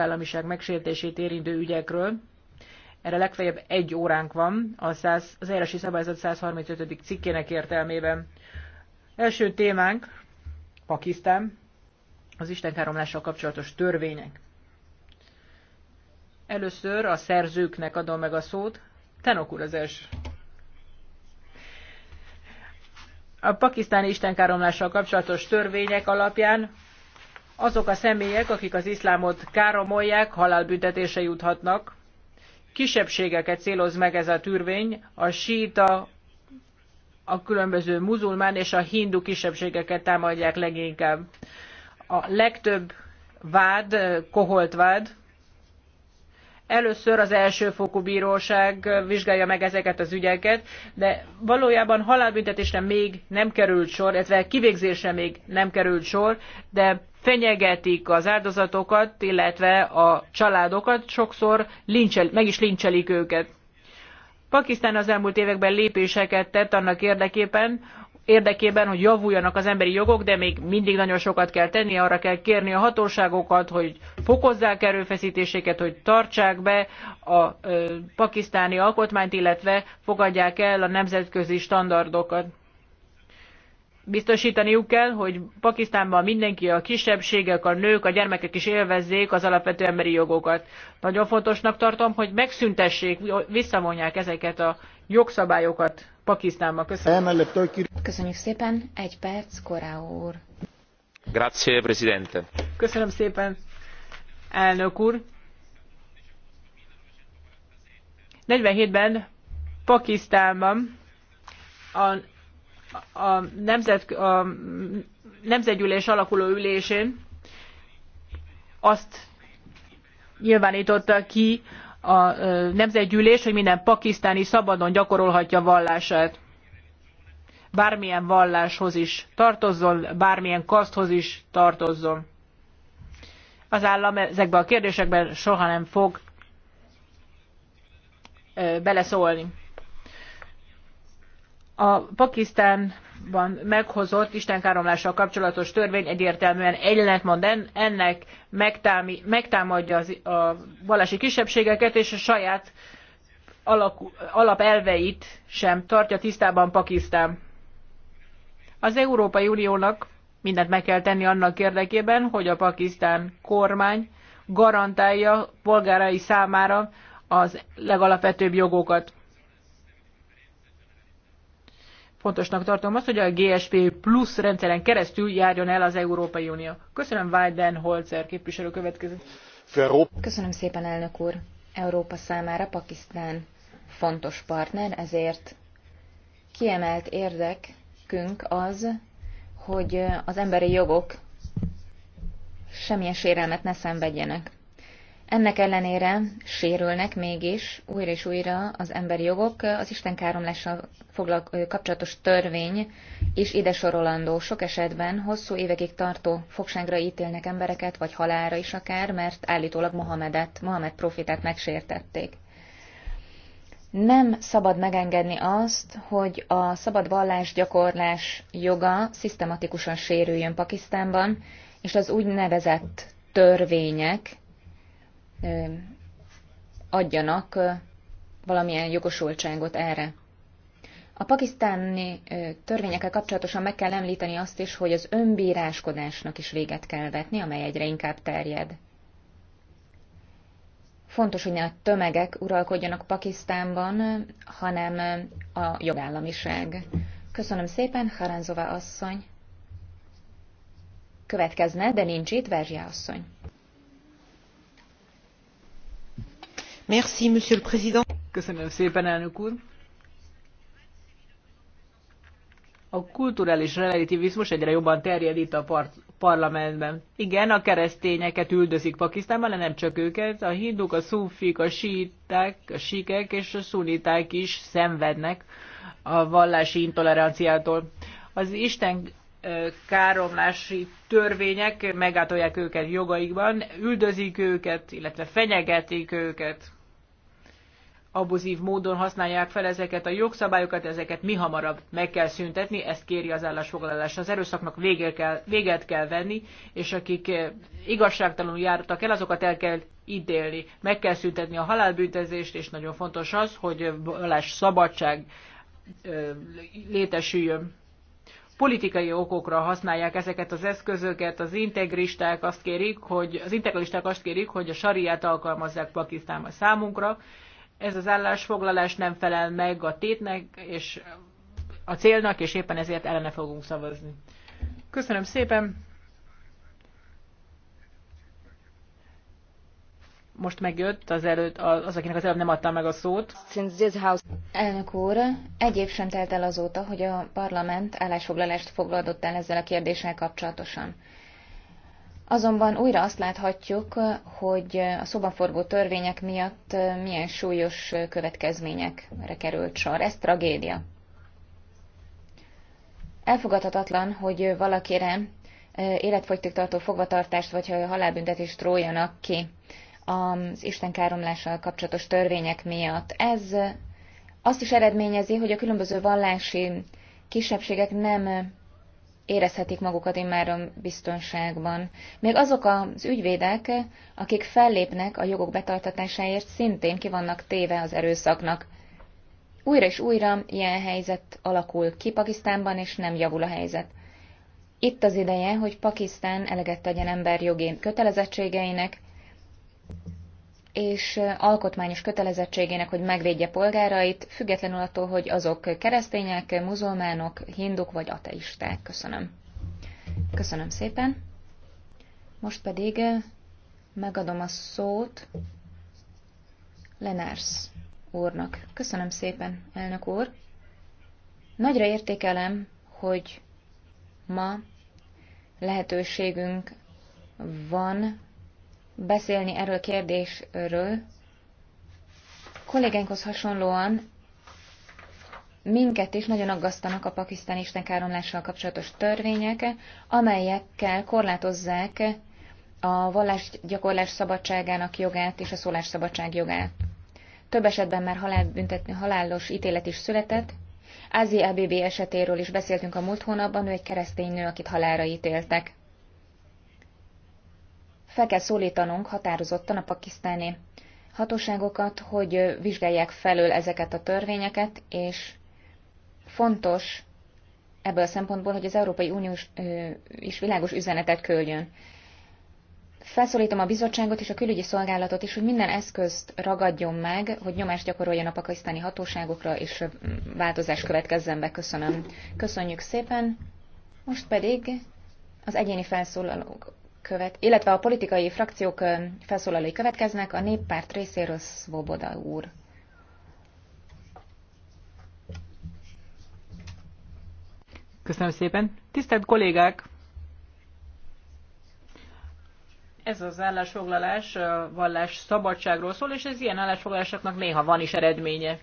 államiság megsértését érintő ügyekről. Erre legfeljebb egy óránk van a 100, az eljárási szabályzat 135. cikkének értelmében. Első témánk Pakisztán, az istenkáromlással kapcsolatos törvények. Először a szerzőknek adom meg a szót. Tenok úr az első. A pakisztáni istenkáromlással kapcsolatos törvények alapján azok a személyek, akik az iszlámot káromolják, halálbüntetése juthatnak. Kisebbségeket céloz meg ez a törvény, a síta, a különböző muzulmán és a hindu kisebbségeket támadják leginkább. A legtöbb vád, koholt vád, először az elsőfokú bíróság vizsgálja meg ezeket az ügyeket, de valójában halálbüntetésre még nem került sor, illetve kivégzésre még nem került sor, de fenyegetik az áldozatokat, illetve a családokat, sokszor lincsel, meg is lincselik őket. Pakisztán az elmúlt években lépéseket tett annak érdekében, érdekében, hogy javuljanak az emberi jogok, de még mindig nagyon sokat kell tenni, arra kell kérni a hatóságokat, hogy fokozzák erőfeszítéseket, hogy tartsák be a ö, pakisztáni alkotmányt, illetve fogadják el a nemzetközi standardokat biztosítaniuk kell, hogy Pakisztánban mindenki, a kisebbségek, a nők, a gyermekek is élvezzék az alapvető emberi jogokat. Nagyon fontosnak tartom, hogy megszüntessék, visszavonják ezeket a jogszabályokat Pakisztánban. Köszönöm. Köszönjük szépen. Egy perc, Korá úr. Grazie, Presidente. Köszönöm szépen, elnök úr. 47-ben Pakisztánban a a, nemzet, a nemzetgyűlés alakuló ülésén azt nyilvánította ki a nemzetgyűlés, hogy minden pakisztáni szabadon gyakorolhatja vallását. Bármilyen valláshoz is tartozzon, bármilyen kaszthoz is tartozzon. Az állam ezekben a kérdésekben soha nem fog beleszólni. A Pakisztánban meghozott istenkáromlással kapcsolatos törvény egyértelműen ellentmond ennek, megtámadja a vallási kisebbségeket, és a saját alapelveit sem tartja tisztában Pakisztán. Az Európai Uniónak mindent meg kell tenni annak érdekében, hogy a pakisztán kormány garantálja polgárai számára az legalapvetőbb jogokat fontosnak tartom azt, hogy a GSP plusz rendszeren keresztül járjon el az Európai Unió. Köszönöm Holzer képviselő következő. Köszönöm szépen, elnök úr. Európa számára Pakisztán fontos partner, ezért kiemelt érdekünk az, hogy az emberi jogok semmilyen sérelmet ne szenvedjenek. Ennek ellenére sérülnek mégis újra és újra az emberi jogok. Az istenkáromlással foglalk- kapcsolatos törvény is ide sorolandó. Sok esetben hosszú évekig tartó fogságra ítélnek embereket, vagy halára is akár, mert állítólag Mohamedet, Mohamed profitát megsértették. Nem szabad megengedni azt, hogy a szabad gyakorlás joga szisztematikusan sérüljön Pakisztánban, és az úgynevezett törvények, adjanak valamilyen jogosultságot erre. A pakisztáni törvényekkel kapcsolatosan meg kell említeni azt is, hogy az önbíráskodásnak is véget kell vetni, amely egyre inkább terjed. Fontos, hogy ne a tömegek uralkodjanak Pakisztánban, hanem a jogállamiság. Köszönöm szépen, Haranzova asszony. Következne, de nincs itt, Verzsia asszony. Monsieur le Président. Köszönöm szépen, elnök úr. A kulturális relativizmus egyre jobban terjed itt a parlamentben. Igen, a keresztényeket üldözik Pakisztánban, de nem csak őket. A hinduk, a szufik, a síták, a sikek és a szuniták is szenvednek a vallási intoleranciától. Az Isten káromlási törvények megátolják őket jogaikban, üldözik őket, illetve fenyegetik őket abuzív módon használják fel ezeket a jogszabályokat, ezeket mi hamarabb meg kell szüntetni, ezt kéri az állásfoglalás. Az erőszaknak véget kell, véget kell venni, és akik eh, igazságtalanul jártak el, azokat el kell ítélni. Meg kell szüntetni a halálbüntetést, és nagyon fontos az, hogy vallás szabadság eh, létesüljön. Politikai okokra használják ezeket az eszközöket, az integristák azt kérik, hogy az integristák azt kérik, hogy a sariát alkalmazzák Pakisztánban számunkra, ez az állásfoglalás nem felel meg a tétnek és a célnak, és éppen ezért ellene fogunk szavazni. Köszönöm szépen! Most megjött az előtt, az, akinek az előbb nem adtam meg a szót. Elnök úr, egy év sem telt el azóta, hogy a parlament állásfoglalást fogadott el ezzel a kérdéssel kapcsolatosan. Azonban újra azt láthatjuk, hogy a szóban forgó törvények miatt milyen súlyos következményekre került sor. Ez tragédia. Elfogadhatatlan, hogy valakire életfogytig tartó fogvatartást vagy halálbüntetést rójanak ki az káromlással kapcsolatos törvények miatt. Ez azt is eredményezi, hogy a különböző vallási kisebbségek nem érezhetik magukat immáron biztonságban. Még azok az ügyvédek, akik fellépnek a jogok betartatásáért, szintén kivannak téve az erőszaknak. Újra és újra ilyen helyzet alakul ki Pakisztánban, és nem javul a helyzet. Itt az ideje, hogy Pakisztán eleget tegyen emberjogi kötelezettségeinek, és alkotmányos kötelezettségének, hogy megvédje polgárait, függetlenül attól, hogy azok keresztények, muzulmánok, hinduk vagy ateisták. Köszönöm. Köszönöm szépen. Most pedig megadom a szót Lenársz úrnak. Köszönöm szépen, elnök úr. Nagyra értékelem, hogy ma lehetőségünk van beszélni erről a kérdésről. Kollégánkhoz hasonlóan minket is nagyon aggasztanak a pakisztáni istenkáromlással kapcsolatos törvények, amelyekkel korlátozzák a vallásgyakorlás szabadságának jogát és a szólásszabadság jogát. Több esetben már halálbüntet, halálos ítélet is született. Ázi ABB esetéről is beszéltünk a múlt hónapban, ő egy keresztény nő, akit halálra ítéltek fel kell szólítanunk határozottan a pakisztáni hatóságokat, hogy vizsgálják felül ezeket a törvényeket, és fontos ebből a szempontból, hogy az Európai Unió is világos üzenetet küldjön. Felszólítom a bizottságot és a külügyi szolgálatot is, hogy minden eszközt ragadjon meg, hogy nyomást gyakoroljon a pakisztáni hatóságokra, és változás következzen be. Köszönöm. Köszönjük szépen. Most pedig az egyéni felszólalók követ, illetve a politikai frakciók felszólalói következnek, a néppárt részéről Svoboda úr. Köszönöm szépen. Tisztelt kollégák! Ez az állásfoglalás a vallás szabadságról szól, és ez ilyen állásfoglalásoknak néha van is eredménye.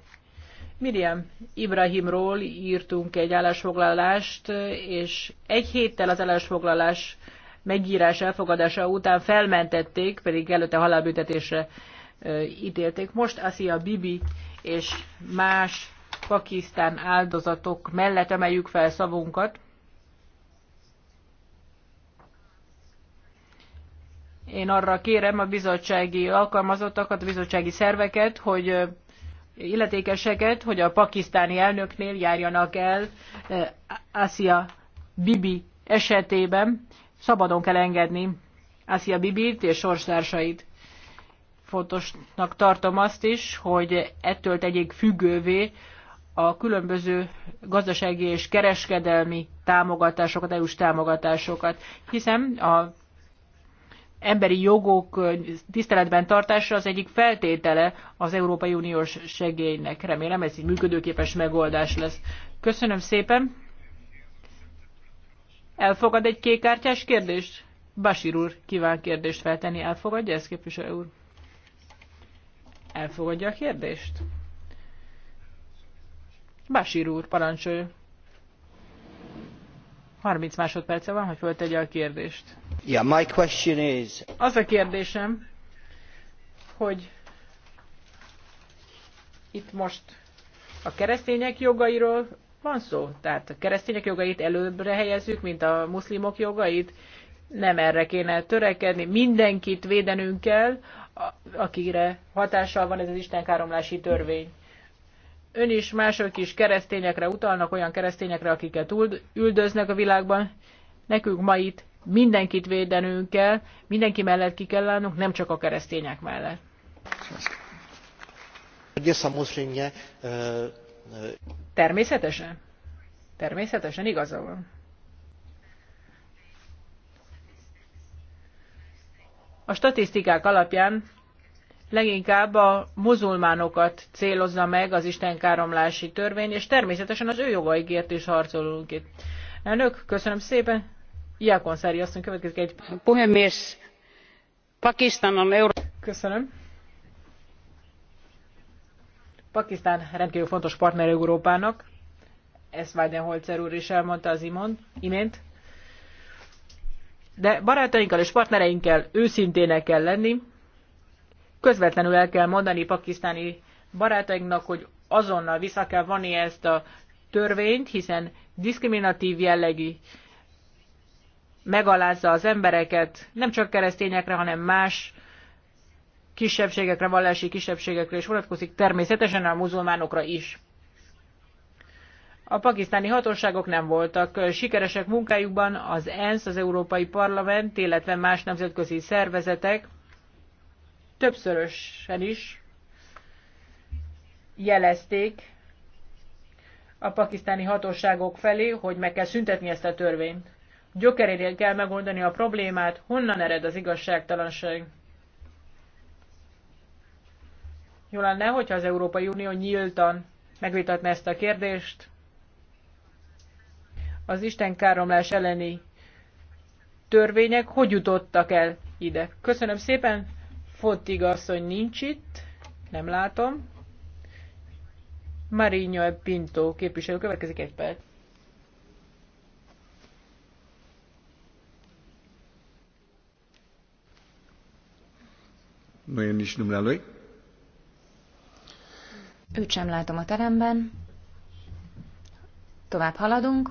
Miriam Ibrahimról írtunk egy állásfoglalást, és egy héttel az állásfoglalás megírás elfogadása után felmentették, pedig előtte halálbüntetésre ítélték. Most Asia Bibi és más Pakisztán áldozatok mellett emeljük fel szavunkat. Én arra kérem a bizottsági alkalmazottakat, a bizottsági szerveket, hogy illetékeseket, hogy a pakisztáni elnöknél járjanak el Asia Bibi esetében, szabadon kell engedni Asia Bibilt és sorstársait. Fontosnak tartom azt is, hogy ettől tegyék függővé a különböző gazdasági és kereskedelmi támogatásokat, EU-s támogatásokat, hiszen a emberi jogok tiszteletben tartása az egyik feltétele az Európai Uniós segélynek. Remélem ez egy működőképes megoldás lesz. Köszönöm szépen! Elfogad egy kékkártyás kérdést? Basir úr kíván kérdést feltenni. Elfogadja ezt, képviselő úr? Elfogadja a kérdést? Basir úr, parancsolja. 30 másodperce van, hogy föltegye a kérdést. Yeah, my question is... Az a kérdésem, hogy itt most a keresztények jogairól van szó. Tehát a keresztények jogait előbbre helyezzük, mint a muszlimok jogait. Nem erre kéne törekedni. Mindenkit védenünk kell, akire hatással van ez az istenkáromlási törvény. Ön is, mások is keresztényekre utalnak, olyan keresztényekre, akiket üldöznek a világban. Nekünk ma itt mindenkit védenünk kell, mindenki mellett ki kell állnunk, nem csak a keresztények mellett. Egyes a muszlimje Természetesen. Természetesen igaza van. A statisztikák alapján leginkább a muzulmánokat célozza meg az istenkáromlási törvény, és természetesen az ő jogaikért is harcolunk itt. Elnök, köszönöm szépen. Iákonszári asszony következik egy... Puhemész, Pakistanon Euró... Köszönöm. Pakisztán rendkívül fontos partner Európának, ezt Weidenholzer úr is elmondta az imont, imént. De barátainkkal és partnereinkkel őszintének kell lenni, közvetlenül el kell mondani pakisztáni barátainknak, hogy azonnal vissza kell vonni ezt a törvényt, hiszen diszkriminatív jellegű megalázza az embereket, nem csak keresztényekre, hanem más kisebbségekre, vallási kisebbségekre is vonatkozik, természetesen a muzulmánokra is. A pakisztáni hatóságok nem voltak sikeresek munkájukban, az ENSZ, az Európai Parlament, illetve más nemzetközi szervezetek többszörösen is jelezték a pakisztáni hatóságok felé, hogy meg kell szüntetni ezt a törvényt. Gyökerénél kell megoldani a problémát, honnan ered az igazságtalanság. Jó lenne, hogyha az Európai Unió nyíltan megvitatna ezt a kérdést. Az Isten káromlás elleni törvények hogy jutottak el ide? Köszönöm szépen, Fottig asszony nincs itt, nem látom. Marinho Pinto képviselő, következik egy perc. Nu e nici numele lui. Őt sem látom a teremben. Tovább haladunk.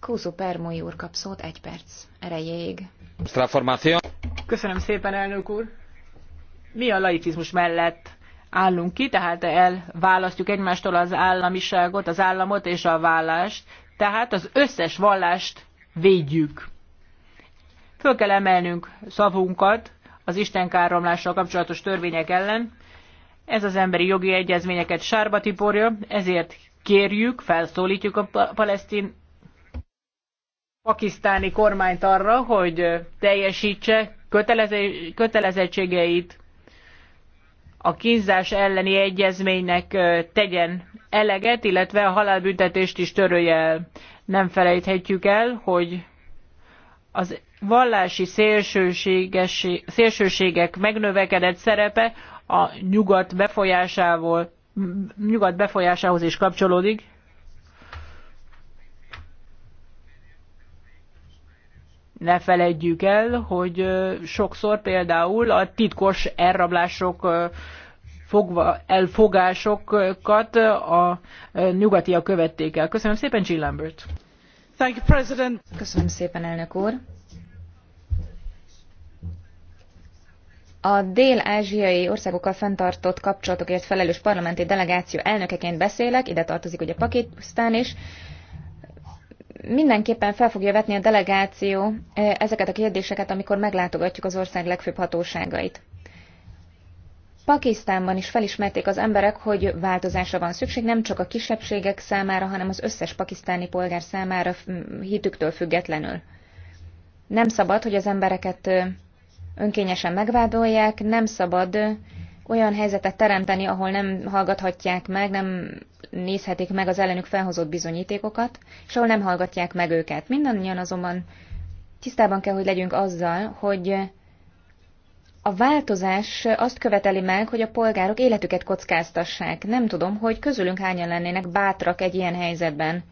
Kózó Permói úr kap szót egy perc erejéig. Köszönöm szépen, elnök úr. Mi a laicizmus mellett állunk ki, tehát elválasztjuk egymástól az államiságot, az államot és a vállást, tehát az összes vallást védjük. Föl kell emelnünk szavunkat az Isten káromlással kapcsolatos törvények ellen, ez az emberi jogi egyezményeket sárba tiporja, ezért kérjük, felszólítjuk a palesztin pakisztáni kormányt arra, hogy teljesítse kötelezettségeit, a kínzás elleni egyezménynek tegyen eleget, illetve a halálbüntetést is törölje el. Nem felejthetjük el, hogy az vallási szélsőségek megnövekedett szerepe a nyugat befolyásával, nyugat befolyásához is kapcsolódik. Ne feledjük el, hogy sokszor például a titkos elrablások, fogva, elfogásokat a nyugatiak követték el. Köszönöm szépen, Jill Lambert. Thank you, President. Köszönöm szépen, elnök úr. a dél-ázsiai országokkal fenntartott kapcsolatokért felelős parlamenti delegáció elnökeként beszélek, ide tartozik ugye Pakisztán is, mindenképpen fel fogja vetni a delegáció e, ezeket a kérdéseket, amikor meglátogatjuk az ország legfőbb hatóságait. Pakisztánban is felismerték az emberek, hogy változásra van szükség nem csak a kisebbségek számára, hanem az összes pakisztáni polgár számára hitüktől függetlenül. Nem szabad, hogy az embereket e, önkényesen megvádolják, nem szabad olyan helyzetet teremteni, ahol nem hallgathatják meg, nem nézhetik meg az ellenük felhozott bizonyítékokat, és ahol nem hallgatják meg őket. Mindannyian azonban tisztában kell, hogy legyünk azzal, hogy a változás azt követeli meg, hogy a polgárok életüket kockáztassák. Nem tudom, hogy közülünk hányan lennének bátrak egy ilyen helyzetben.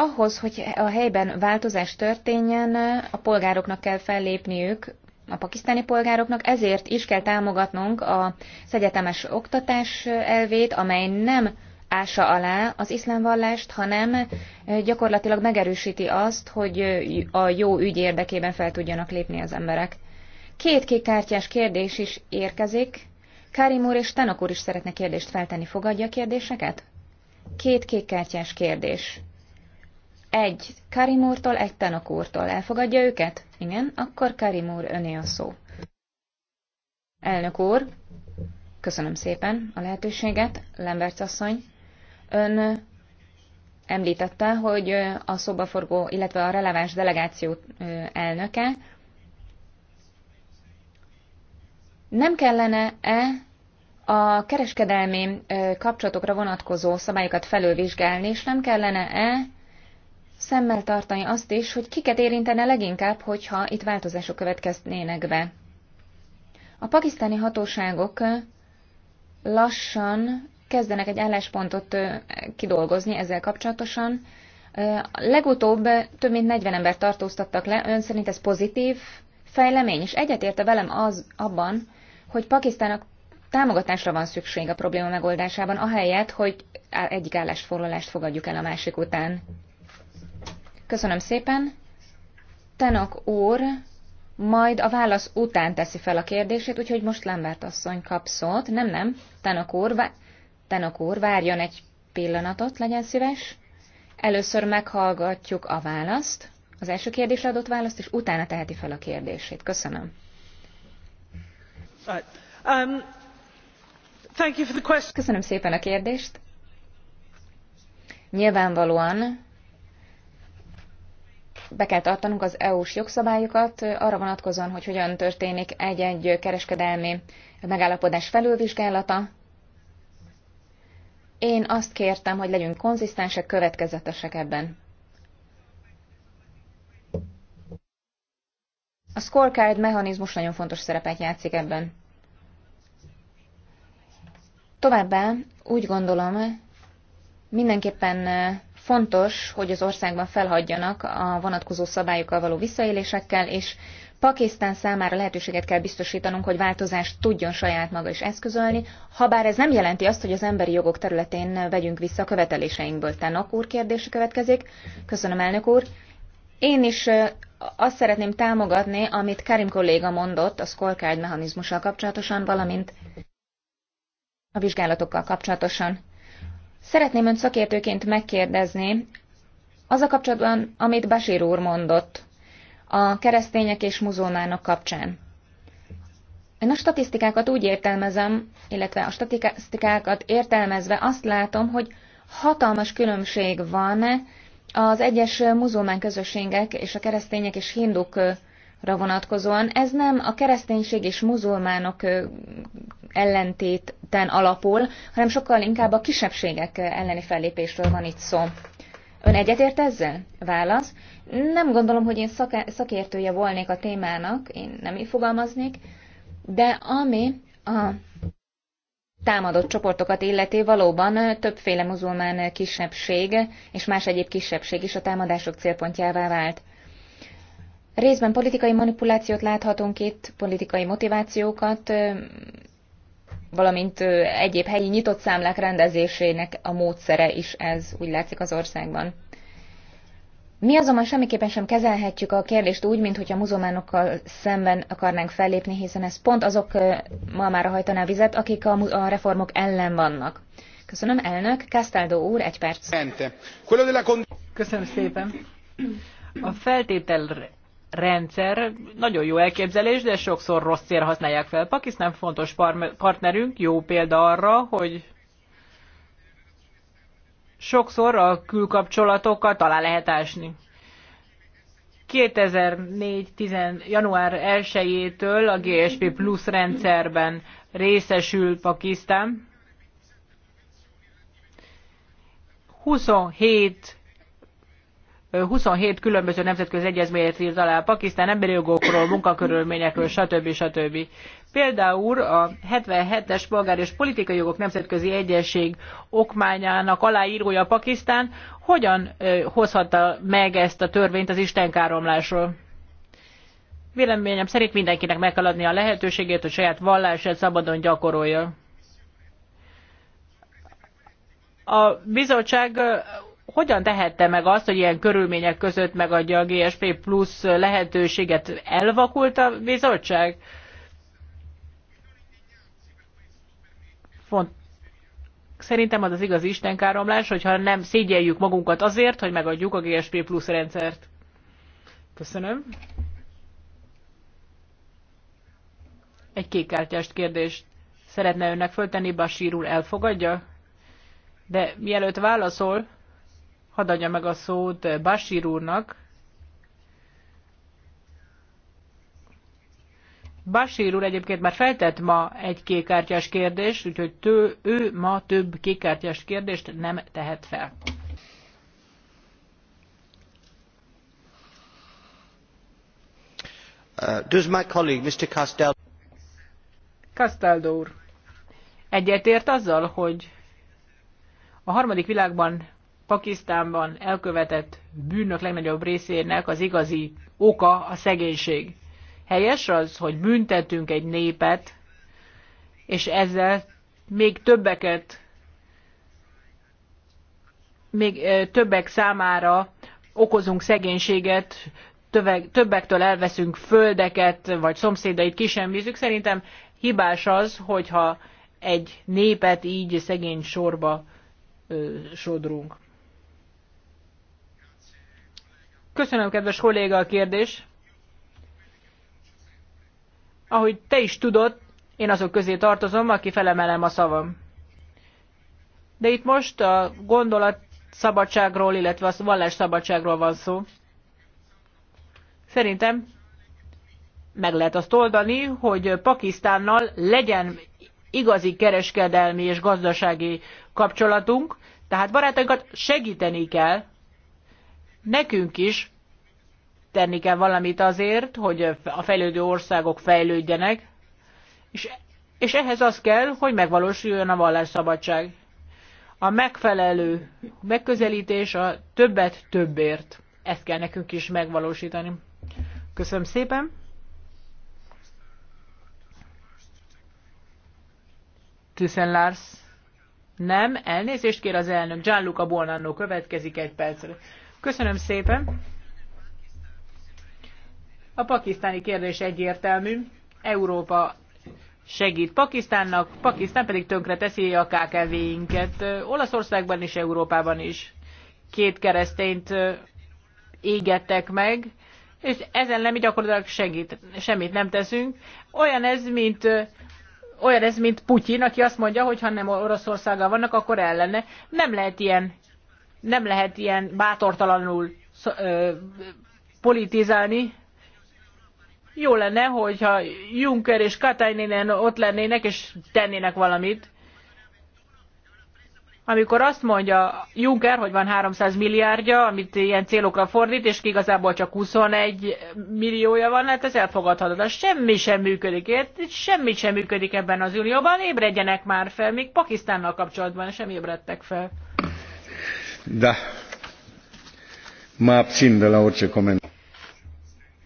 Ahhoz, hogy a helyben változás történjen, a polgároknak kell fellépniük, a pakisztáni polgároknak, ezért is kell támogatnunk az egyetemes oktatás elvét, amely nem ása alá az iszlám vallást, hanem gyakorlatilag megerősíti azt, hogy a jó ügy érdekében fel tudjanak lépni az emberek. Két kékkártyás kérdés is érkezik. Karim úr és Tanok úr is szeretne kérdést feltenni. Fogadja a kérdéseket? Két kékkártyás kérdés egy Karimúrtól, egy Tanok úrtól. Elfogadja őket? Igen, akkor Karimúr öné a szó. Elnök úr, köszönöm szépen a lehetőséget, Lemberc asszony. Ön említette, hogy a szobaforgó, illetve a releváns delegáció elnöke nem kellene-e a kereskedelmi kapcsolatokra vonatkozó szabályokat felülvizsgálni, és nem kellene-e szemmel tartani azt is, hogy kiket érintene leginkább, hogyha itt változások következnének be. A pakisztáni hatóságok lassan kezdenek egy álláspontot kidolgozni ezzel kapcsolatosan. Legutóbb több mint 40 ember tartóztattak le, ön szerint ez pozitív fejlemény, és egyetérte velem az abban, hogy Pakisztának támogatásra van szükség a probléma megoldásában, ahelyett, hogy egyik állásfoglalást fogadjuk el a másik után. Köszönöm szépen. Tenok úr majd a válasz után teszi fel a kérdését, úgyhogy most Lambert asszony kap szót. Nem, nem, Tenok úr, vá- Tenok úr, várjon egy pillanatot, legyen szíves. Először meghallgatjuk a választ, az első kérdésre adott választ, és utána teheti fel a kérdését. Köszönöm. Um, Köszönöm szépen a kérdést. Nyilvánvalóan be kell tartanunk az EU-s jogszabályokat arra vonatkozóan, hogy hogyan történik egy-egy kereskedelmi megállapodás felülvizsgálata. Én azt kértem, hogy legyünk konzisztensek, következetesek ebben. A scorecard mechanizmus nagyon fontos szerepet játszik ebben. Továbbá úgy gondolom, mindenképpen Fontos, hogy az országban felhagyjanak a vonatkozó szabályokkal való visszaélésekkel, és Pakisztán számára lehetőséget kell biztosítanunk, hogy változást tudjon saját maga is eszközölni, habár ez nem jelenti azt, hogy az emberi jogok területén vegyünk vissza a követeléseinkből. Tanok úr kérdése következik. Köszönöm, elnök úr. Én is azt szeretném támogatni, amit Karim kolléga mondott a scorecard mechanizmussal kapcsolatosan, valamint a vizsgálatokkal kapcsolatosan. Szeretném önt szakértőként megkérdezni, az a kapcsolatban, amit Basír úr mondott, a keresztények és muzulmánok kapcsán. Én a statisztikákat úgy értelmezem, illetve a statisztikákat értelmezve azt látom, hogy hatalmas különbség van az egyes muzulmán közösségek és a keresztények és hinduk vonatkozóan. Ez nem a kereszténység és muzulmánok ellentéten alapul, hanem sokkal inkább a kisebbségek elleni fellépésről van itt szó. Ön egyetért ezzel? Válasz. Nem gondolom, hogy én szakértője volnék a témának, én nem így fogalmaznék, de ami a támadott csoportokat illeti, valóban többféle muzulmán kisebbség és más egyéb kisebbség is a támadások célpontjává vált. Részben politikai manipulációt láthatunk itt, politikai motivációkat, valamint egyéb helyi nyitott számlák rendezésének a módszere is ez, úgy látszik az országban. Mi azonban semmiképpen sem kezelhetjük a kérdést úgy, mint hogy a muzulmánokkal szemben akarnánk fellépni, hiszen ez pont azok ma már hajtaná vizet, akik a, a reformok ellen vannak. Köszönöm, elnök. Castaldo úr, egy perc. Köszönöm szépen. A feltétel rendszer nagyon jó elképzelés, de sokszor rossz cél használják fel. Pakisztán fontos par partnerünk, jó példa arra, hogy sokszor a külkapcsolatokat alá lehet ásni. 2004. 10, január 1-től a GSP Plus rendszerben részesül Pakisztán. 27 27 különböző nemzetközi egyezményet rt alá Pakisztán emberi jogokról, munkakörülményekről, stb. stb. Például a 77-es polgári és politikai jogok nemzetközi egyezség okmányának aláírója Pakisztán hogyan hozhatta meg ezt a törvényt az istenkáromlásról? Véleményem szerint mindenkinek meg kell adni a lehetőségét, hogy saját vallását szabadon gyakorolja. A bizottság hogyan tehette meg azt, hogy ilyen körülmények között megadja a GSP plusz lehetőséget? Elvakult a bizottság? Font. Szerintem az az igaz istenkáromlás, hogyha nem szégyeljük magunkat azért, hogy megadjuk a GSP plusz rendszert. Köszönöm. Egy kékkártyást kérdést szeretne önnek föltenni, Basír úr elfogadja? De mielőtt válaszol, Hadd adja meg a szót Basír úrnak. Basír úr egyébként már feltett ma egy kékkártyás kérdést, úgyhogy tő, ő ma több kékkártyás kérdést nem tehet fel. Uh, does my colleague, Mr. Castaldo... Castaldo úr, egyetért azzal, hogy a harmadik világban Pakisztánban elkövetett bűnök legnagyobb részének az igazi oka a szegénység. Helyes az, hogy büntetünk egy népet, és ezzel még többeket, még többek számára okozunk szegénységet, többektől elveszünk földeket, vagy szomszédait ki Szerintem hibás az, hogyha egy népet így szegény sorba ö, sodrunk. Köszönöm, kedves kolléga, a kérdés. Ahogy te is tudod, én azok közé tartozom, aki felemelem a szavam. De itt most a gondolat szabadságról, illetve a vallás szabadságról van szó. Szerintem meg lehet azt oldani, hogy Pakisztánnal legyen igazi kereskedelmi és gazdasági kapcsolatunk, tehát barátainkat segíteni kell, nekünk is tenni kell valamit azért, hogy a fejlődő országok fejlődjenek, és, és ehhez az kell, hogy megvalósuljon a vallásszabadság. A megfelelő megközelítés a többet többért. Ezt kell nekünk is megvalósítani. Köszönöm szépen! Tüssen Lars. Nem, elnézést kér az elnök. Gianluca Buonanno következik egy percre. Köszönöm szépen. A pakisztáni kérdés egyértelmű. Európa segít Pakisztánnak, Pakisztán pedig tönkre teszi a KKV-inket. Olaszországban is, Európában is két keresztényt égettek meg, és ezen nem gyakorlatilag segít, semmit nem teszünk. Olyan ez, mint olyan ez, mint Putyin, aki azt mondja, hogy ha nem Oroszországgal vannak, akkor ellene. Nem lehet ilyen nem lehet ilyen bátortalanul politizálni. Jó lenne, hogyha Juncker és Katainen ott lennének és tennének valamit. Amikor azt mondja Juncker, hogy van 300 milliárdja, amit ilyen célokra fordít, és igazából csak 21 milliója van, hát ez elfogadhatatlan. Semmi sem működik, ért? Semmi sem működik ebben az unióban, ébredjenek már fel, még Pakisztánnal kapcsolatban sem ébredtek fel. Da. Mă abțin de la orice comentariu.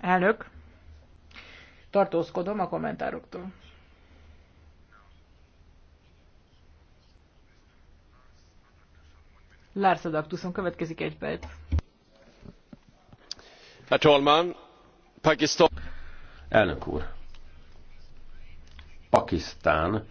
Elnök, tartózkodom a kommentároktól. Lars Adaktuszon következik egy perc. Herr talman, Pakistan... Elnök úr, Pakisztán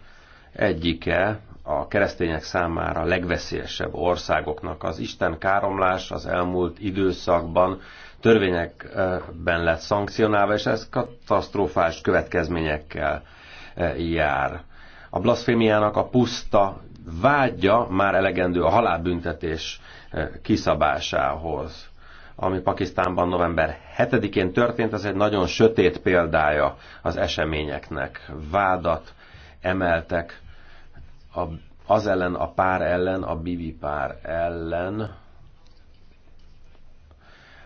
egyike a keresztények számára legveszélyesebb országoknak. Az Isten káromlás az elmúlt időszakban törvényekben lett szankcionálva, és ez katasztrofális következményekkel e, jár. A blasfémiának a puszta vágya már elegendő a halálbüntetés e, kiszabásához. Ami Pakisztánban november 7-én történt, ez egy nagyon sötét példája az eseményeknek. Vádat emeltek a, az ellen, a pár ellen, a Bibi pár ellen,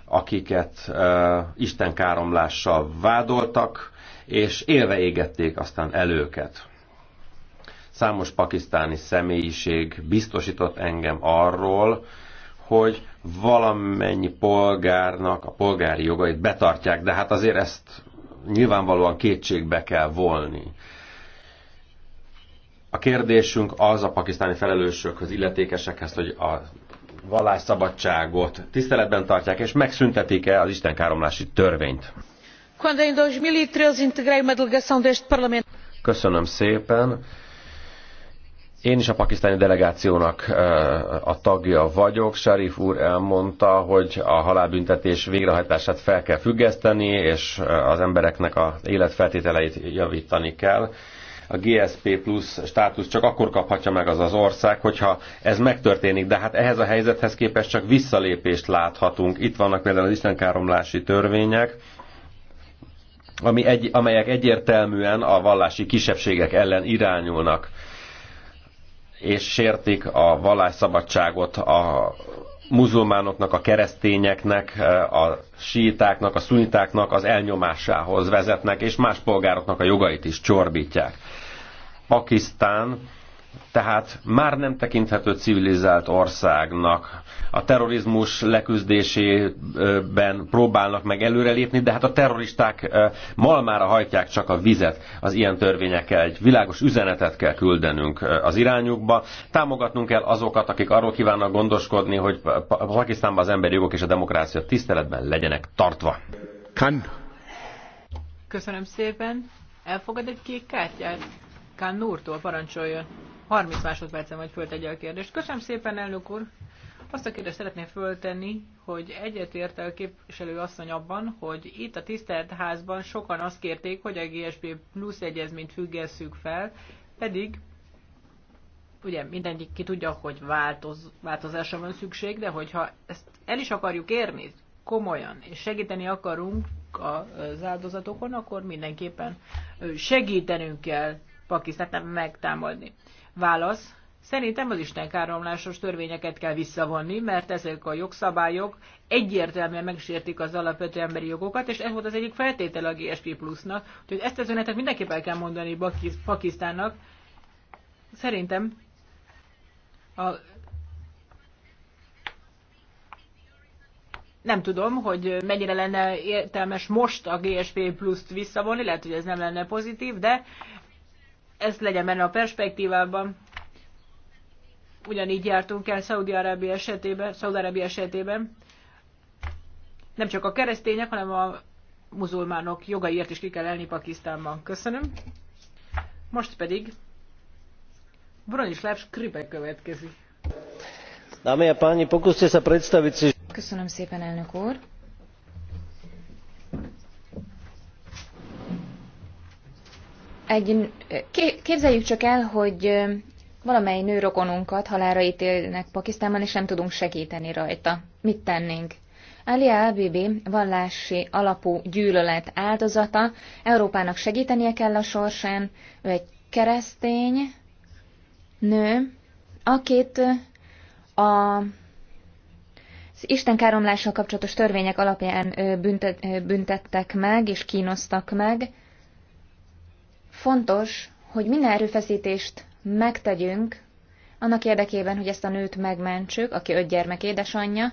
akiket uh, Isten káromlással vádoltak, és élve égették aztán előket. Számos pakisztáni személyiség biztosított engem arról, hogy valamennyi polgárnak a polgári jogait betartják, de hát azért ezt nyilvánvalóan kétségbe kell volni. A kérdésünk az a pakisztáni felelősökhöz, illetékesekhez, hogy a vallásszabadságot tiszteletben tartják, és megszüntetik-e az istenkáromlási törvényt. Köszönöm szépen. Én is a pakisztáni delegációnak a tagja vagyok. Sharif úr elmondta, hogy a halálbüntetés végrehajtását fel kell függeszteni, és az embereknek a életfeltételeit javítani kell a GSP plusz státusz csak akkor kaphatja meg az az ország, hogyha ez megtörténik. De hát ehhez a helyzethez képest csak visszalépést láthatunk. Itt vannak például az istenkáromlási törvények, ami egy, amelyek egyértelműen a vallási kisebbségek ellen irányulnak és sértik a vallásszabadságot, a, muzulmánoknak, a keresztényeknek, eh, a sítáknak, a szunitáknak az elnyomásához vezetnek, és más polgároknak a jogait is csorbítják. Pakisztán tehát már nem tekinthető civilizált országnak. A terrorizmus leküzdésében próbálnak meg előrelépni, de hát a terroristák malmára hajtják csak a vizet az ilyen törvényekkel. Egy világos üzenetet kell küldenünk az irányukba. Támogatnunk kell azokat, akik arról kívánnak gondoskodni, hogy Pakisztánban az emberi jogok és a demokrácia tiszteletben legyenek tartva. Kan. Köszönöm szépen. Elfogad egy kék kártyát? Kán úrtól parancsoljon. 30 másodpercen vagy föltegye a kérdést. Köszönöm szépen, elnök úr! Azt a kérdést szeretném föltenni, hogy egyetért a képviselő asszony abban, hogy itt a tisztelt házban sokan azt kérték, hogy a GSP plusz egyezményt függesszük fel, pedig ugye mindenki ki tudja, hogy változ, változásra van szükség, de hogyha ezt el is akarjuk érni komolyan, és segíteni akarunk az áldozatokon, akkor mindenképpen segítenünk kell Pakisztánt megtámadni. Válasz. Szerintem az káromlásos törvényeket kell visszavonni, mert ezek a jogszabályok egyértelműen megsértik az alapvető emberi jogokat, és ez volt az egyik feltétele a GSP Plusznak. Úgyhogy ezt az üzenetet mindenképp el kell mondani Pakisztánnak. Szerintem a nem tudom, hogy mennyire lenne értelmes most a GSP Plus-t visszavonni, lehet, hogy ez nem lenne pozitív, de ez legyen benne a perspektívában. Ugyanígy jártunk el Szaudi-Arábia esetében, szaudi esetében. Nem csak a keresztények, hanem a muzulmánok jogaiért is ki kell elni Pakisztánban. Köszönöm. Most pedig Bronislav Skripek következik. Dámy a páni, pokuste sa predstaviť si... Köszönöm szépen, elnök úr. Egy, képzeljük csak el, hogy valamely nő rokonunkat halára ítélnek Pakisztánban, és nem tudunk segíteni rajta. Mit tennénk? Alia Abibi vallási alapú gyűlölet áldozata, Európának segítenie kell a sorsán, ő egy keresztény nő, akit a az Isten káromlással kapcsolatos törvények alapján büntet, büntettek meg és kínoztak meg. Fontos, hogy minden erőfeszítést megtegyünk annak érdekében, hogy ezt a nőt megmentsük, aki öt gyermek édesanyja.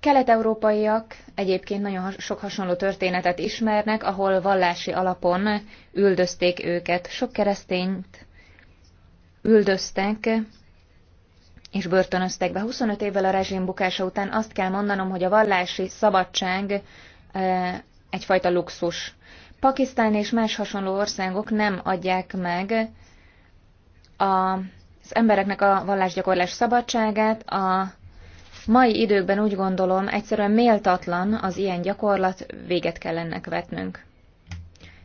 Kelet-európaiak egyébként nagyon sok hasonló történetet ismernek, ahol vallási alapon üldözték őket. Sok keresztényt üldöztek, és börtönöztek be. 25 évvel a rezsim bukása után azt kell mondanom, hogy a vallási szabadság eh, egyfajta luxus. Pakisztán és más hasonló országok nem adják meg az embereknek a vallásgyakorlás szabadságát. A mai időkben úgy gondolom egyszerűen méltatlan az ilyen gyakorlat, véget kell ennek vetnünk.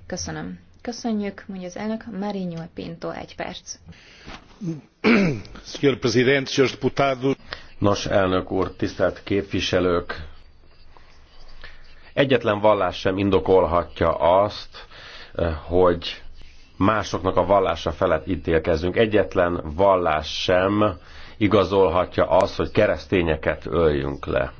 Köszönöm. Köszönjük, mondja az elnök, Marinho Pinto, egy perc. Nos, elnök úr, tisztelt képviselők! Egyetlen vallás sem indokolhatja azt, eh, hogy másoknak a vallása felett ítélkezzünk. Egyetlen vallás sem igazolhatja azt, hogy keresztényeket öljünk le.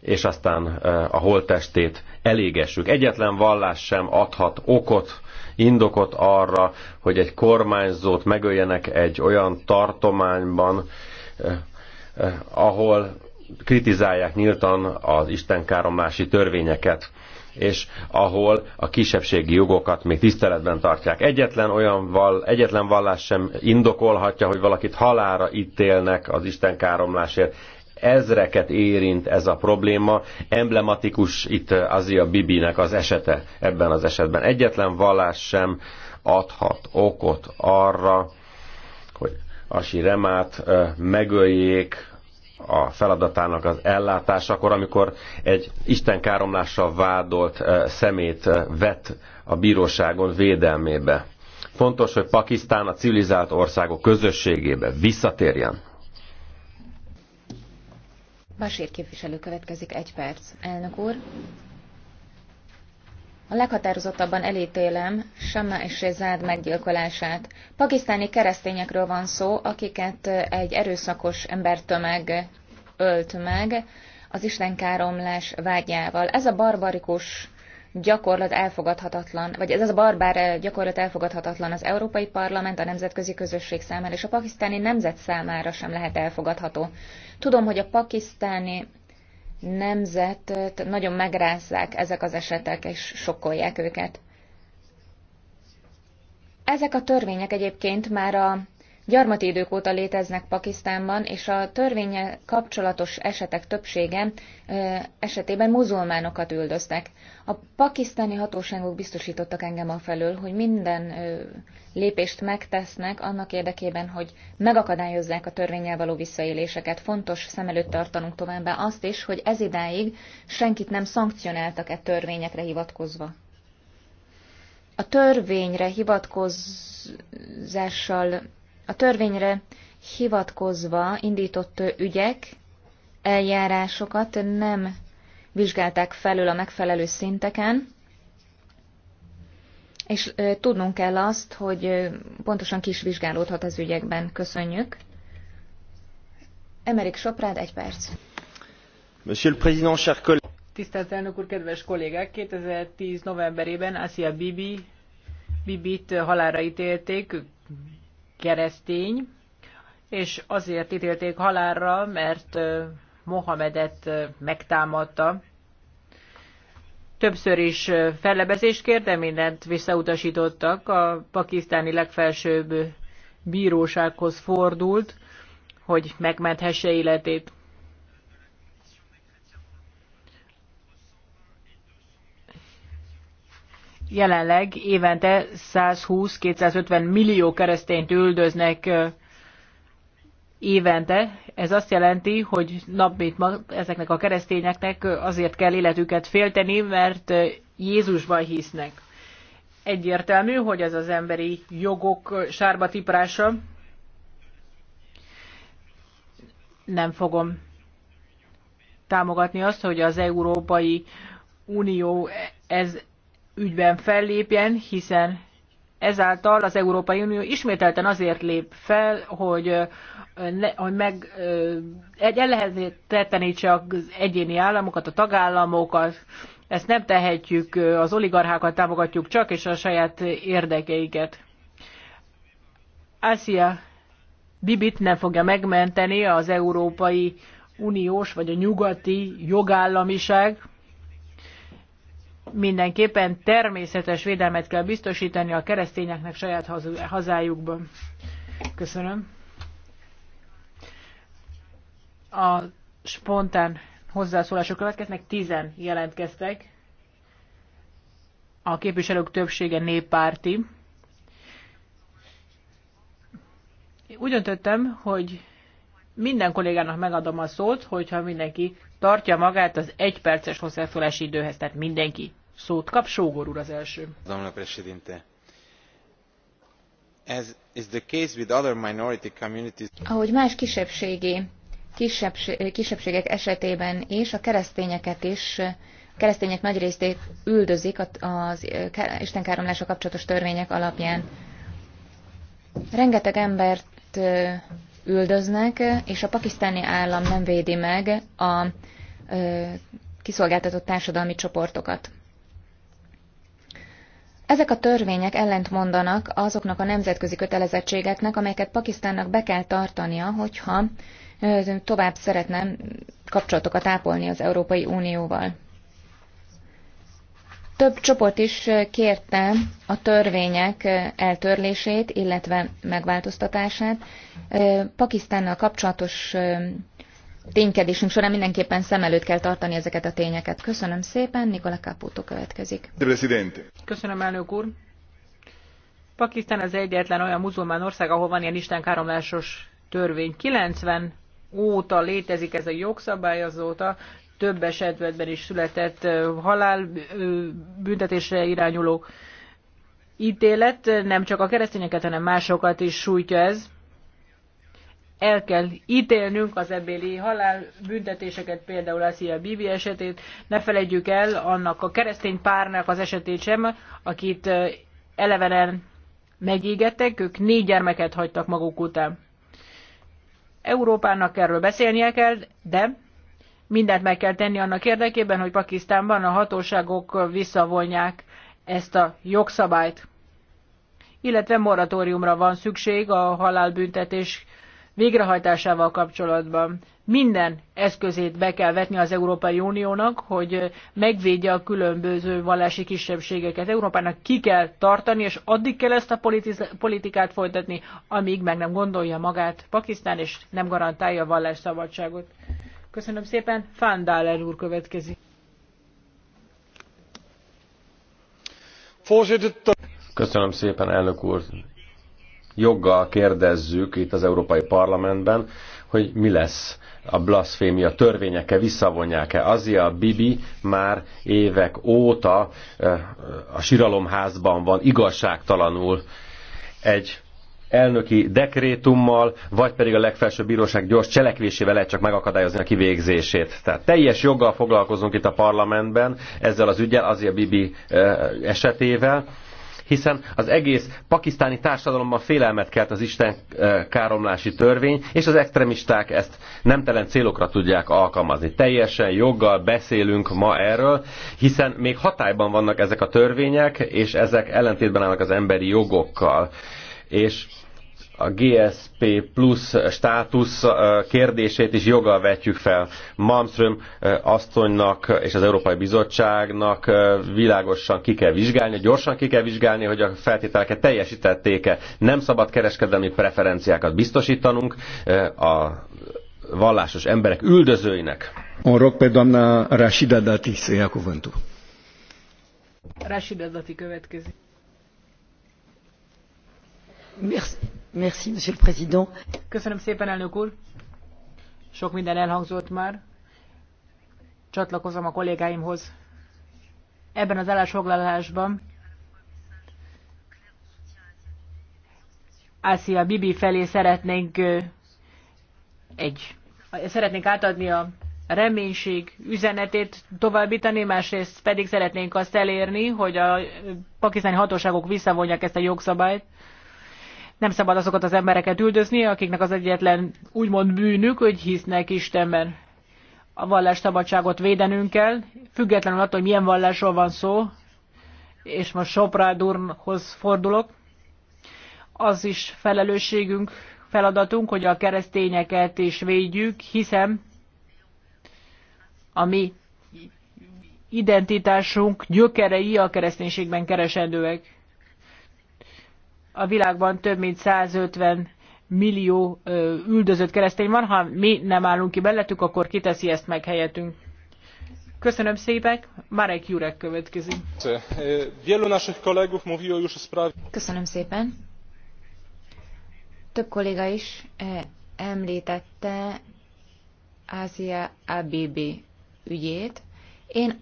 És aztán eh, a holttestét elégessük. Egyetlen vallás sem adhat okot, indokot arra, hogy egy kormányzót megöljenek egy olyan tartományban, eh, ahol kritizálják nyíltan az istenkáromlási törvényeket és ahol a kisebbségi jogokat még tiszteletben tartják. Egyetlen olyan val, egyetlen vallás sem indokolhatja, hogy valakit halára ítélnek az istenkáromlásért. Ezreket érint ez a probléma, emblematikus itt Azia Bibinek az esete ebben az esetben. Egyetlen vallás sem adhat okot arra, hogy Asi Remát megöljék a feladatának az akkor amikor egy káromlással vádolt eh, szemét eh, vet a bíróságon védelmébe. Fontos, hogy Pakisztán a civilizált országok közösségébe visszatérjen. Basír képviselő következik egy perc. Elnök úr, a leghatározottabban elítélem Shama és Rezád meggyilkolását. Pakisztáni keresztényekről van szó, akiket eh, egy erőszakos embertömeg ölt meg az istenkáromlás vágyával. Ez a barbarikus gyakorlat elfogadhatatlan, vagy ez a barbár eh, gyakorlat elfogadhatatlan az Európai Parlament, a nemzetközi közösség számára, és a pakisztáni nemzet számára sem lehet elfogadható. Tudom, hogy a pakisztáni nemzetet nagyon megrázzák ezek az esetek, és sokkolják őket. Ezek a törvények egyébként már a Gyarmati idők óta léteznek Pakisztánban, és a törvényel kapcsolatos esetek többsége esetében muzulmánokat üldöztek. A pakisztáni hatóságok biztosítottak engem afelől, hogy minden lépést megtesznek annak érdekében, hogy megakadályozzák a törvényel való visszaéléseket. Fontos szem előtt tartanunk továbbá azt is, hogy ez idáig senkit nem szankcionáltak e törvényekre hivatkozva a törvényre hivatkozással a törvényre hivatkozva indított ügyek, eljárásokat nem vizsgálták felül a megfelelő szinteken, és tudnunk kell azt, hogy pontosan kis vizsgálódhat az ügyekben. Köszönjük. Emerik Soprád, egy perc. Monsieur le Président, chers collègues. Tisztelt elnök úr, kedves kollégák! 2010 novemberében Asia Bibi, Bibit halára ítélték, keresztény, és azért ítélték halálra, mert Mohamedet megtámadta. Többször is fellebezést kért, de mindent visszautasítottak. A pakisztáni legfelsőbb bírósághoz fordult, hogy megmenthesse életét. jelenleg évente 120-250 millió keresztényt üldöznek évente. Ez azt jelenti, hogy nap mint nap ezeknek a keresztényeknek azért kell életüket félteni, mert Jézusban hisznek. Egyértelmű, hogy ez az emberi jogok sárba tiprása. Nem fogom támogatni azt, hogy az Európai Unió e- ez ügyben fellépjen, hiszen ezáltal az Európai Unió ismételten azért lép fel, hogy, ne, hogy meg egy ellehetetlenítse az egyéni államokat, a tagállamokat, ezt nem tehetjük, az oligarchákat támogatjuk csak, és a saját érdekeiket. Ázia Bibit nem fogja megmenteni az Európai Uniós vagy a nyugati jogállamiság, mindenképpen természetes védelmet kell biztosítani a keresztényeknek saját hazájukban. Köszönöm. A spontán hozzászólások következnek, tizen jelentkeztek. A képviselők többsége néppárti. Úgy döntöttem, hogy minden kollégának megadom a szót, hogyha mindenki tartja magát az egyperces hozzászólási időhez, tehát mindenki szót kap. Sógor úr az első. as is the case with other minority communities... Ahogy más kisebbségi kisebbség, kisebbségek esetében is a keresztényeket is keresztények nagy részét üldözik az istenkáromlása kapcsolatos törvények alapján. Rengeteg embert üldöznek, és a pakisztáni állam nem védi meg a kiszolgáltatott társadalmi csoportokat. Ezek a törvények ellentmondanak azoknak a nemzetközi kötelezettségeknek, amelyeket Pakisztánnak be kell tartania, hogyha tovább szeretne kapcsolatokat ápolni az Európai Unióval. Több csoport is kérte a törvények eltörlését, illetve megváltoztatását. Pakisztánnal kapcsolatos ténykedésünk során mindenképpen szem előtt kell tartani ezeket a tényeket. Köszönöm szépen, Nikola Caputo következik. Köszönöm, elnök úr. Pakisztán az egyetlen olyan muzulmán ország, ahol van ilyen istenkáromlásos törvény. 90 óta létezik ez a jogszabály, azóta több esetben is született halálbüntetésre irányuló ítélet. Nem csak a keresztényeket, hanem másokat is sújtja ez el kell ítélnünk az ebbéli halálbüntetéseket, például a Szia Bibi esetét. Ne felejtjük el annak a keresztény párnak az esetét sem, akit elevenen megégettek, ők négy gyermeket hagytak maguk után. Európának erről beszélnie kell, de mindent meg kell tenni annak érdekében, hogy Pakisztánban a hatóságok visszavonják ezt a jogszabályt. Illetve moratóriumra van szükség a halálbüntetés végrehajtásával kapcsolatban minden eszközét be kell vetni az Európai Uniónak, hogy megvédje a különböző vallási kisebbségeket. Európának ki kell tartani, és addig kell ezt a politikát folytatni, amíg meg nem gondolja magát Pakisztán, és nem garantálja a vallásszabadságot. Köszönöm szépen, Fándáler úr következik. Köszönöm szépen, elnök úr joggal kérdezzük itt az Európai Parlamentben, hogy mi lesz a blasfémia törvényeke visszavonják-e. Azia Bibi már évek óta eh, a síralomházban van igazságtalanul egy elnöki dekrétummal, vagy pedig a legfelsőbb bíróság gyors cselekvésével lehet csak megakadályozni a kivégzését. Tehát teljes joggal foglalkozunk itt a parlamentben ezzel az ügyel, Azia Bibi eh, esetével, hiszen az egész pakisztáni társadalomban félelmet kelt az Isten eh, káromlási törvény, és az extremisták ezt nemtelen célokra tudják alkalmazni. Teljesen joggal beszélünk ma erről, hiszen még hatályban vannak ezek a törvények, és ezek ellentétben állnak az emberi jogokkal. És a GSP plus státusz kérdését is joggal vetjük fel. Malmström asszonynak és az Európai Bizottságnak világosan ki kell vizsgálni, gyorsan ki kell vizsgálni, hogy a feltételeket teljesítették-e. Nem szabad kereskedelmi preferenciákat biztosítanunk a vallásos emberek üldözőinek. On rog pe Rashida Dati să ia Rashida Dati következik. Merci monsieur le président. Köszönöm szépen, elnök úr. Sok minden elhangzott már. Csatlakozom a kollégáimhoz. Ebben az állásfoglalásban Ásia Bibi felé szeretnénk egy, szeretnénk átadni a reménység üzenetét továbbítani, másrészt pedig szeretnénk azt elérni, hogy a pakisztáni hatóságok visszavonják ezt a jogszabályt, nem szabad azokat az embereket üldözni, akiknek az egyetlen úgymond bűnük, hogy hisznek Istenben. A szabadságot védenünk kell, függetlenül attól, hogy milyen vallásról van szó, és most Soprád úrhoz fordulok, az is felelősségünk, feladatunk, hogy a keresztényeket is védjük, hiszen a mi identitásunk gyökerei a kereszténységben keresendőek a világban több mint 150 millió üldözött keresztény van. Ha mi nem állunk ki belletük, akkor kiteszi ezt meg helyettünk. Köszönöm szépen, Marek Jurek következik. Köszönöm szépen. Több kolléga is e, említette Ázia ABB ügyét. Én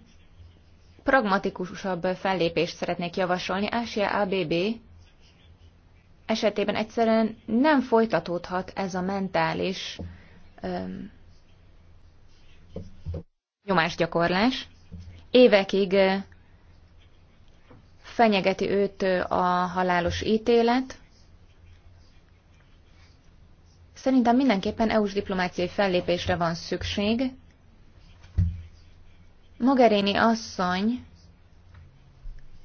pragmatikusabb fellépést szeretnék javasolni. Ázia ABB esetében egyszerűen nem folytatódhat ez a mentális öm, nyomásgyakorlás. Évekig fenyegeti őt a halálos ítélet. Szerintem mindenképpen EU-s diplomáciai fellépésre van szükség. Mogherini asszony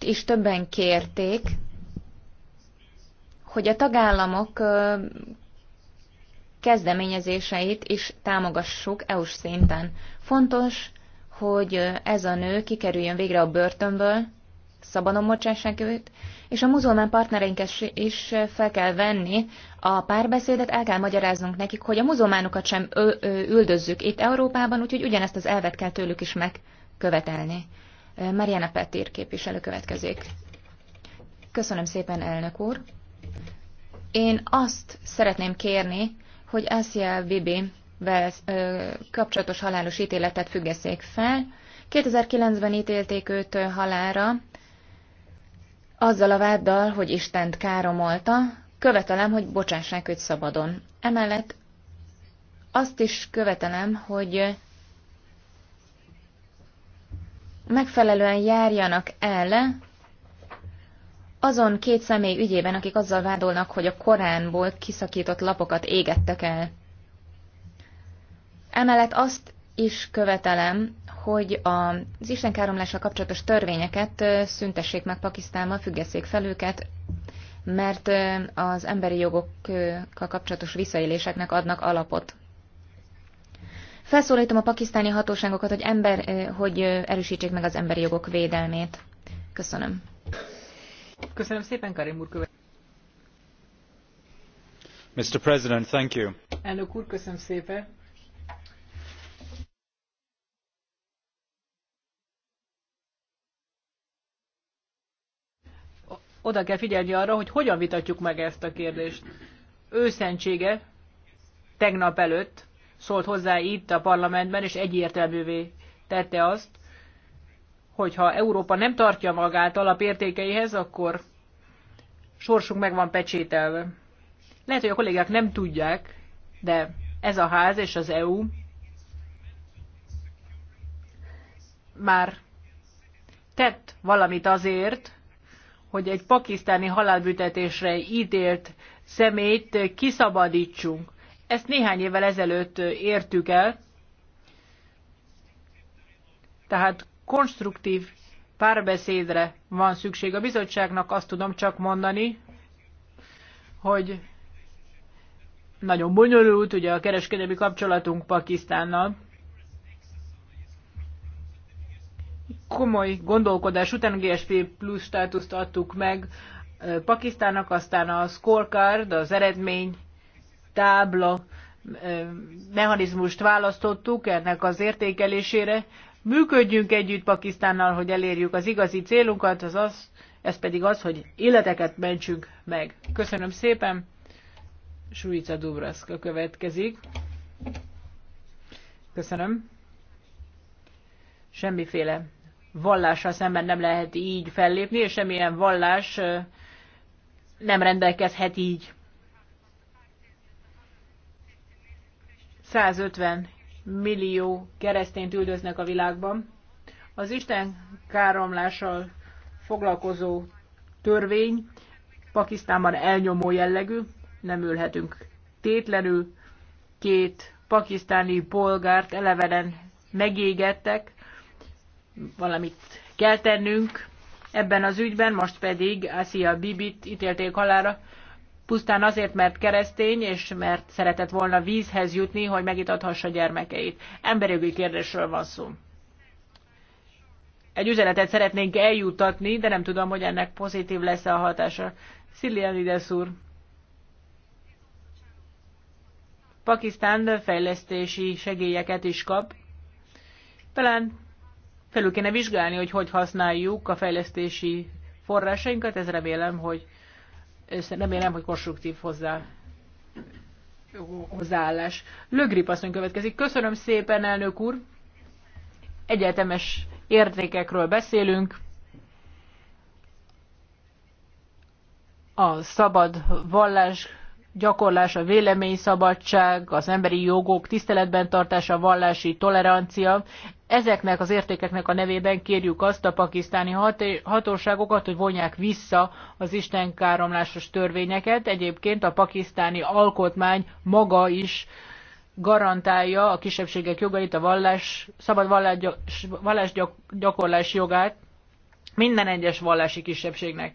is többen kérték, hogy a tagállamok kezdeményezéseit is támogassuk EU-s szinten. Fontos, hogy ez a nő kikerüljön végre a börtönből, szabadon bocsássák őt, és a muzulmán partnereinket is fel kell venni a párbeszédet, el kell magyaráznunk nekik, hogy a muzulmánokat sem ö- ö- üldözzük itt Európában, úgyhogy ugyanezt az elvet kell tőlük is megkövetelni. Mariana Petir képviselő következik. Köszönöm szépen, elnök úr! Én azt szeretném kérni, hogy Asiel Bibi-vel kapcsolatos halálos ítéletet függeszék fel. 2009-ben ítélték őt halára, azzal a váddal, hogy Istent káromolta, követelem, hogy bocsássák őt szabadon. Emellett azt is követelem, hogy megfelelően járjanak el azon két személy ügyében, akik azzal vádolnak, hogy a Koránból kiszakított lapokat égettek el. Emellett azt is követelem, hogy az istenkáromlással kapcsolatos törvényeket szüntessék meg Pakisztánban, függesszék fel őket, mert az emberi jogokkal kapcsolatos visszaéléseknek adnak alapot. Felszólítom a pakisztáni hatóságokat, hogy, ember, hogy erősítsék meg az emberi jogok védelmét. Köszönöm. Köszönöm szépen, Mr. President, thank you. köszönöm szépen. Oda kell figyelni arra, hogy hogyan vitatjuk meg ezt a kérdést. Őszentsége tegnap előtt szólt hozzá itt a parlamentben, és egyértelművé tette azt, hogyha Európa nem tartja magát alapértékeihez, akkor sorsunk meg van pecsételve. Lehet, hogy a kollégák nem tudják, de ez a ház és az EU már tett valamit azért, hogy egy pakisztáni halálbüntetésre ítélt szemét kiszabadítsunk. Ezt néhány évvel ezelőtt értük el, tehát konstruktív párbeszédre van szükség. A bizottságnak azt tudom csak mondani, hogy nagyon bonyolult ugye a kereskedelmi kapcsolatunk Pakisztánnal. Komoly gondolkodás után GSP plusz státuszt adtuk meg Pakisztánnak, aztán a scorecard, az eredmény tábla mechanizmust választottuk ennek az értékelésére. Működjünk együtt Pakisztánnal, hogy elérjük az igazi célunkat, az az, ez pedig az, hogy életeket mentsünk meg. Köszönöm szépen. Suica Dubraszka következik. Köszönöm. Semmiféle vallással szemben nem lehet így fellépni, és semmilyen vallás nem rendelkezhet így. 150 millió keresztényt üldöznek a világban. Az Isten káromlással foglalkozó törvény Pakisztánban elnyomó jellegű, nem ülhetünk tétlenül. Két pakisztáni polgárt eleveren megégettek, valamit kell tennünk ebben az ügyben, most pedig Asia Bibit ítélték halára pusztán azért, mert keresztény, és mert szeretett volna vízhez jutni, hogy megitathassa gyermekeit. Emberjogi kérdésről van szó. Egy üzenetet szeretnénk eljuttatni, de nem tudom, hogy ennek pozitív lesz a hatása. Szilianides úr. Pakisztán fejlesztési segélyeket is kap. Talán felül kéne vizsgálni, hogy hogy használjuk a fejlesztési forrásainkat, ez remélem, hogy remélem, hogy konstruktív hozzá hozzáállás. Lögrip asszony következik. Köszönöm szépen, elnök úr! Egyetemes értékekről beszélünk. A szabad vallás gyakorlása, véleményszabadság, az emberi jogok tiszteletben tartása, vallási tolerancia, Ezeknek az értékeknek a nevében kérjük azt a pakisztáni hatóságokat, hogy vonják vissza az istenkáromlásos törvényeket. Egyébként a pakisztáni alkotmány maga is garantálja a kisebbségek jogait, a vallás, szabad vallásgyakorlás jogát minden egyes vallási kisebbségnek.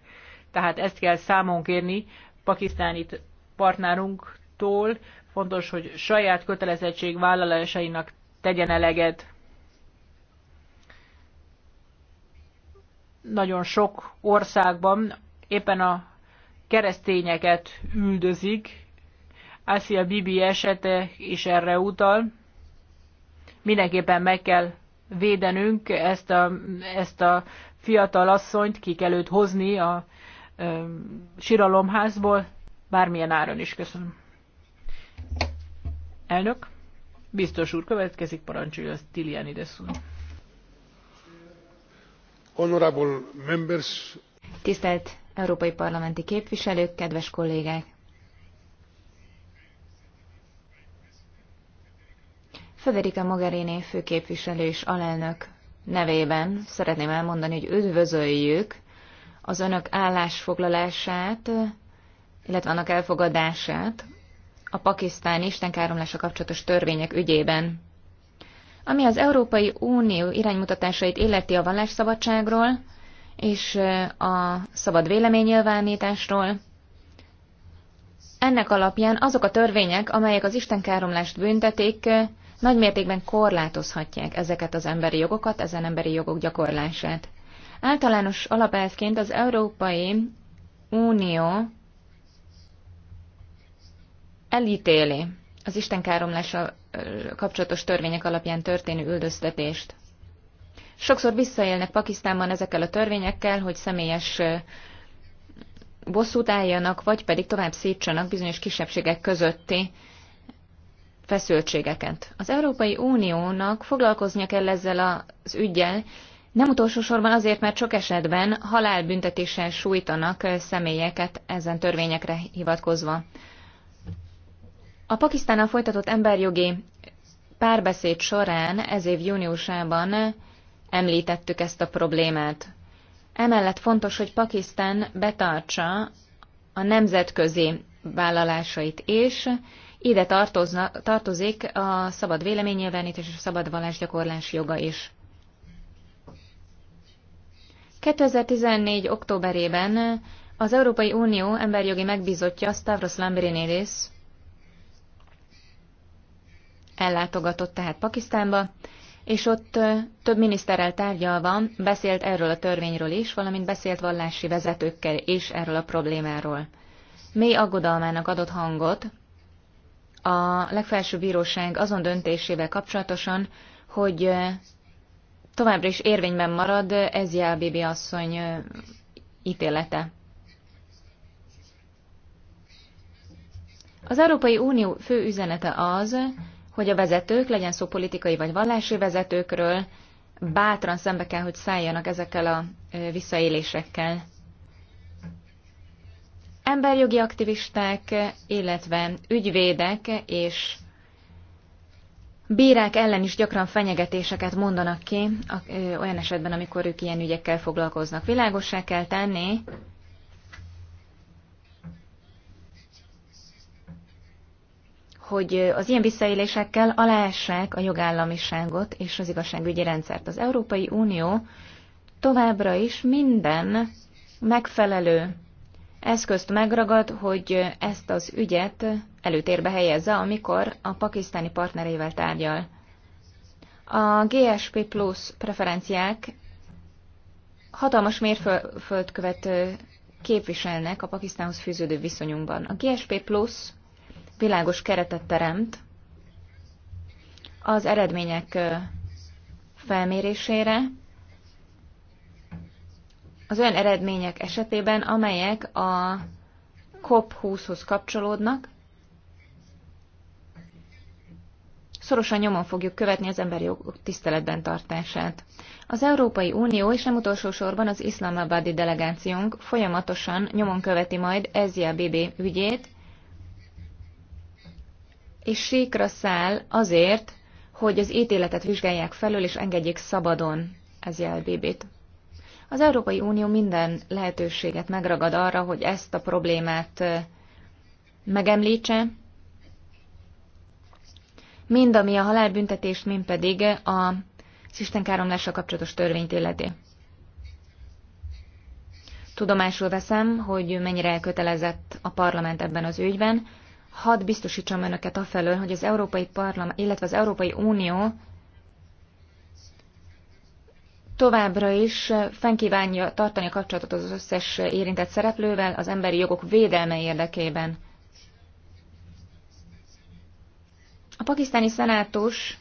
Tehát ezt kell számon kérni pakisztáni partnerunktól. Fontos, hogy saját kötelezettség vállalásainak tegyen eleget. nagyon sok országban éppen a keresztényeket üldözik. Ászia Bibi esete is erre utal. Mindenképpen meg kell védenünk ezt a, ezt a fiatal asszonyt, ki kell őt hozni a ö, síralomházból, bármilyen áron is. Köszönöm. Elnök, biztos úr, következik parancsolja ide szól. Honorable members. Tisztelt európai parlamenti képviselők, kedves kollégák! Federica Mogherini főképviselő és alelnök nevében szeretném elmondani, hogy üdvözöljük az önök állásfoglalását, illetve annak elfogadását a pakisztáni istenkáromlása kapcsolatos törvények ügyében. Ami az Európai Unió iránymutatásait illeti a vallásszabadságról és eh, a szabad véleménynyilvánításról, ennek alapján azok a törvények, amelyek az istenkáromlást büntetik, eh, nagymértékben korlátozhatják ezeket az emberi jogokat, ezen emberi jogok gyakorlását. Általános alapelvként az Európai Unió elítéli az istenkáromlással kapcsolatos törvények alapján történő üldöztetést. Sokszor visszaélnek Pakisztánban ezekkel a törvényekkel, hogy személyes bosszút álljanak, vagy pedig tovább szítsanak bizonyos kisebbségek közötti feszültségeket. Az Európai Uniónak foglalkoznia kell ezzel az ügyel, nem utolsó sorban azért, mert sok esetben halálbüntetéssel sújtanak személyeket ezen törvényekre hivatkozva. A a folytatott emberjogi párbeszéd során ez év júniusában említettük ezt a problémát. Emellett fontos, hogy Pakisztán betartsa a nemzetközi vállalásait és ide tartozna, tartozik a szabad véleménynyilvánítás és a szabad vallásgyakorlás joga is. 2014. októberében az Európai Unió emberjogi megbízottja Stavros Lambrinidis ellátogatott tehát Pakisztánba, és ott több miniszterrel tárgyalva beszélt erről a törvényről is, valamint beszélt vallási vezetőkkel is erről a problémáról. Mély aggodalmának adott hangot a legfelsőbb bíróság azon döntésével kapcsolatosan, hogy továbbra is érvényben marad Ezia Bibi asszony ítélete. Az Európai Unió fő üzenete az, hogy a vezetők, legyen szó politikai vagy vallási vezetőkről, bátran szembe kell, hogy szálljanak ezekkel a visszaélésekkel. Emberjogi aktivisták, illetve ügyvédek és bírák ellen is gyakran fenyegetéseket mondanak ki, olyan esetben, amikor ők ilyen ügyekkel foglalkoznak. Világossá kell tenni, hogy az ilyen visszaélésekkel aláássák a jogállamiságot és az igazságügyi rendszert. Az Európai Unió továbbra is minden megfelelő eszközt megragad, hogy ezt az ügyet előtérbe helyezze, amikor a pakisztáni partnerével tárgyal. A GSP Plus preferenciák hatalmas mérföldkövet képviselnek a Pakisztánhoz fűződő viszonyunkban. A GSP Plus világos keretet teremt az eredmények felmérésére, az olyan eredmények esetében, amelyek a COP20-hoz kapcsolódnak, szorosan nyomon fogjuk követni az emberi jogok tiszteletben tartását. Az Európai Unió és nem utolsó sorban az iszlamabadi delegációnk folyamatosan nyomon követi majd Ezia BB ügyét, és síkra száll azért, hogy az ítéletet vizsgálják felül és engedjék szabadon ez jelbébét. Az Európai Unió minden lehetőséget megragad arra, hogy ezt a problémát megemlítse, mind ami a halálbüntetést, mind pedig a istenkáromlással kapcsolatos törvényt illeti. Tudomásul veszem, hogy mennyire elkötelezett a parlament ebben az ügyben, hadd biztosítsam önöket afelől, hogy az Európai Parlament, illetve az Európai Unió továbbra is fennkívánja tartani a kapcsolatot az összes érintett szereplővel az emberi jogok védelme érdekében. A pakisztáni szenátus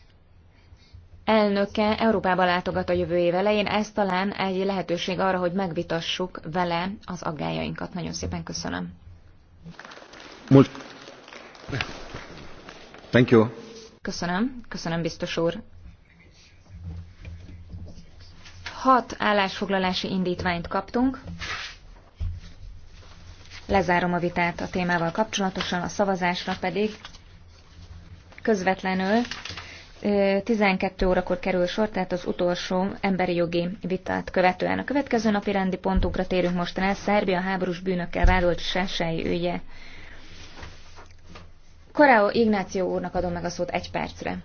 elnöke Európába látogat a jövő év elején, ez talán egy lehetőség arra, hogy megvitassuk vele az aggájainkat. Nagyon szépen köszönöm. Most Thank you. Köszönöm, köszönöm biztos úr. Hat állásfoglalási indítványt kaptunk. Lezárom a vitát a témával kapcsolatosan, a szavazásra pedig közvetlenül 12 órakor kerül sor, tehát az utolsó emberi jogi vitát követően. A következő napi rendi pontokra térünk most rá, Szerbia háborús bűnökkel vádolt sásái ügye. Koráó Ignáció úrnak adom meg a szót egy percre.